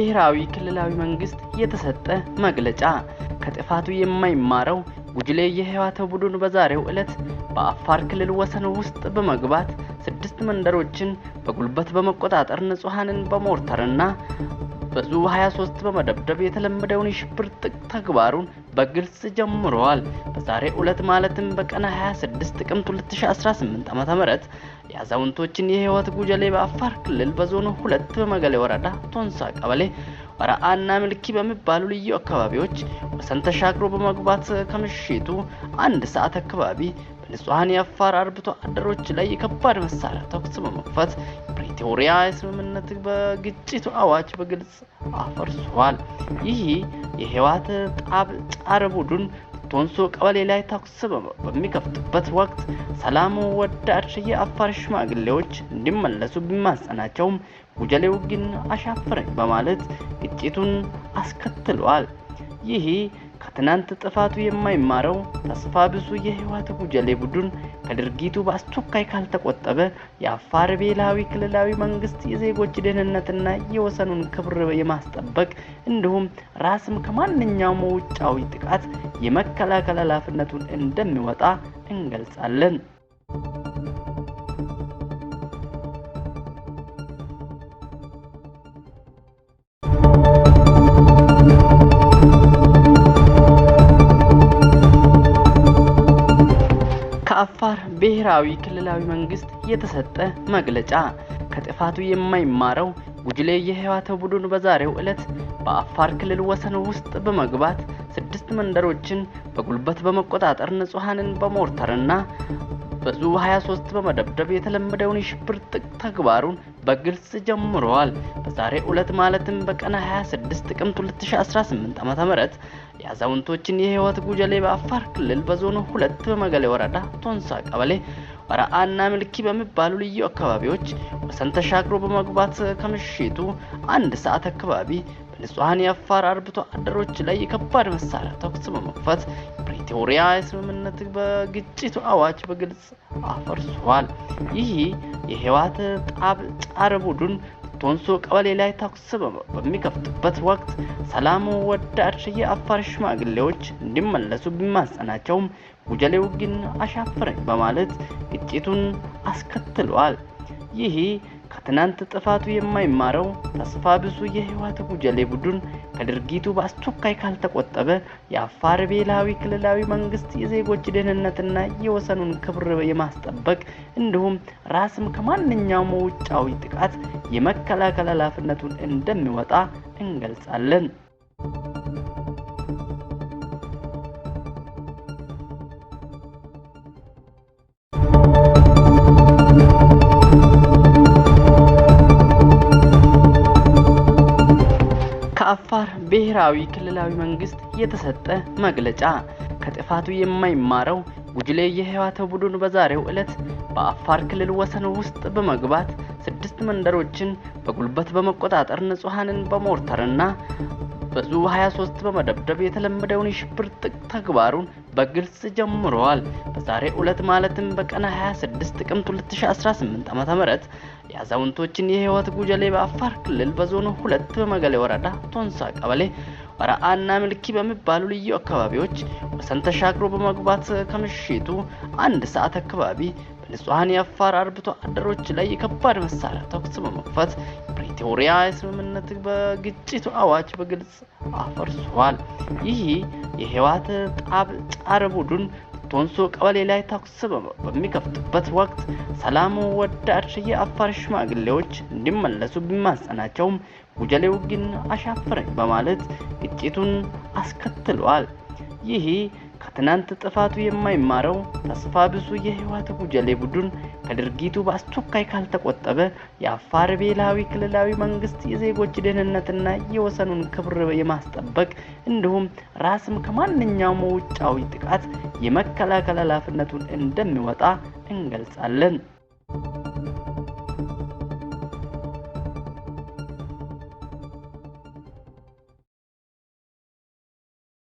ብሔራዊ ክልላዊ መንግስት የተሰጠ መግለጫ። ከጥፋቱ የማይማረው ጉጅሌ የህወሓት ቡድን በዛሬው ዕለት በአፋር ክልል ወሰን ውስጥ በመግባት ስድስት መንደሮችን በጉልበት በመቆጣጠር ንጹሐንን በሞርተርና በዙ 23 በመደብደብ የተለመደውን የሽብር ጥቅ ተግባሩን በግልጽ ጀምረዋል። በዛሬ ዕለት ማለትም በቀን 26 ጥቅምት 2018 ዓ.ም የአዛውንቶችን የህይወት ጉጀሌ በአፋር ክልል በዞኑ ሁለት በመገሌ ወረዳ ቶንሳ ቀበሌ ወረአና ምልኪ በሚባሉ ልዩ አካባቢዎች ወሰን ተሻግሮ በመግባት ከምሽቱ አንድ ሰዓት አካባቢ በንጹሐን የአፋር አርብቶ አደሮች ላይ የከባድ መሳሪያ ተኩስ በመክፈት ፕሪቶሪያ የስምምነት በግጭቱ አዋጅ በግልጽ አፈርሷል። ይህ የህወሓት ጣር ቡድን ቶንሶ ቀበሌ ላይ ተኩስ በሚከፍቱበት ወቅት ሰላም ወዳድ የአፋር ሽማግሌዎች እንዲመለሱ ቢማጸናቸውም ጉጀሌው ግን አሻፈረኝ በማለት ግጭቱን አስከትሏል። ይህ ከትናንት ጥፋቱ የማይማረው ተስፋ ብሱ የህወሓት ጉጀሌ ቡድን ከድርጊቱ በአስቸኳይ ካልተቆጠበ የአፋር ብሔራዊ ክልላዊ መንግስት የዜጎች ደህንነትና የወሰኑን ክብር የማስጠበቅ እንዲሁም ራስም ከማንኛውም ውጫዊ ጥቃት የመከላከል ኃላፊነቱን እንደሚወጣ እንገልጻለን። ብሔራዊ ክልላዊ መንግስት የተሰጠ መግለጫ። ከጥፋቱ የማይማረው ጉጅሌ የህወሓት ቡድን በዛሬው ዕለት በአፋር ክልል ወሰን ውስጥ በመግባት ስድስት መንደሮችን በጉልበት በመቆጣጠር ንጹሐንን በሞርተርና በዙ 23 በመደብደብ የተለመደውን የሽብር ተግባሩን በግልጽ ጀምረዋል። በዛሬ ዕለት ማለትም በቀን 26 ጥቅምት 2018 ም የአዛውንቶችን የህይወት ጉጀሌ በአፋር ክልል በዞኑ ሁለት በመገሌ ወረዳ ቶንሳ ቀበሌ ወረአና ምልኪ በሚባሉ ልዩ አካባቢዎች ወሰን ተሻግሮ በመግባት ከምሽቱ አንድ ሰዓት አካባቢ በንጹሐን የአፋር አርብቶ አደሮች ላይ የከባድ መሳሪያ ተኩስ በመክፈት ፕሪቶሪያ የስምምነት በግጭቱ አዋጅ በግልጽ አፈርሷል። ይህ የህወሓት ጣር ቡድን ቶንሶ ቀበሌ ላይ ተኩስ በሚከፍቱበት ወቅት ሰላም ወዳድ የአፋር ሽማግሌዎች እንዲመለሱ ቢማጸናቸውም ጉጀሌው ግን አሻፈረኝ በማለት ግጭቱን አስከትሏል። ይህ ትናንት ጥፋቱ የማይማረው ተስፋ ብዙ የህወሓት ጉጀሌ ቡድን ከድርጊቱ በአስቸኳይ ካልተቆጠበ የአፋር ብሔራዊ ክልላዊ መንግስት የዜጎች ደህንነትና የወሰኑን ክብር የማስጠበቅ እንዲሁም ራስም ከማንኛውም ውጫዊ ጥቃት የመከላከል ኃላፊነቱን እንደሚወጣ እንገልጻለን። የአፋር ብሔራዊ ክልላዊ መንግስት የተሰጠ መግለጫ። ከጥፋቱ የማይማረው ጉጅሌ የህወሓት ቡድን በዛሬው ዕለት በአፋር ክልል ወሰን ውስጥ በመግባት ስድስት መንደሮችን በጉልበት በመቆጣጠር ንጹሐንን በሞርተርና በዙ 23 በመደብደብ የተለመደውን የሽብር ጥቅ ተግባሩን በግልጽ ጀምረዋል። በዛሬው ዕለት ማለትም በቀን 26 ጥቅምት 2018 ዓ.ም የአዛውንቶችን የህይወት ጉጀሌ በአፋር ክልል በዞኑ ሁለት በመገሌ ወረዳ ቶንሳ ቀበሌ ወረአና ምልኪ በሚባሉ ልዩ አካባቢዎች ወሰን ተሻግሮ በመግባት ከምሽቱ አንድ ሰዓት አካባቢ በንጹሐን የአፋር አርብቶ አደሮች ላይ የከባድ መሳሪያ ተኩስ በመክፈት ፕሪቶሪያ የስምምነት በግጭቱ አዋጅ በግልጽ አፈርሷል። ይህ የህወሓት ጣር ቡድን ቶንሶ ቀበሌ ላይ ተኩስ በሚከፍትበት ወቅት ሰላም ወዳድ የአፋር ሽማግሌዎች እንዲመለሱ ቢማጸናቸውም ጉጀሌው ግን አሻፈረኝ በማለት ግጭቱን አስከትለዋል። ይህ ከትናንት ጥፋቱ የማይማረው ተስፋ ብሱ የህወሓት ጉጀሌ ቡድን ከድርጊቱ በአስቸኳይ ካልተቆጠበ የአፋር ብሔራዊ ክልላዊ መንግስት የዜጎች ደህንነትና የወሰኑን ክብር የማስጠበቅ እንዲሁም ራስም ከማንኛውም ውጫዊ ጥቃት የመከላከል ኃላፊነቱን እንደሚወጣ እንገልጻለን።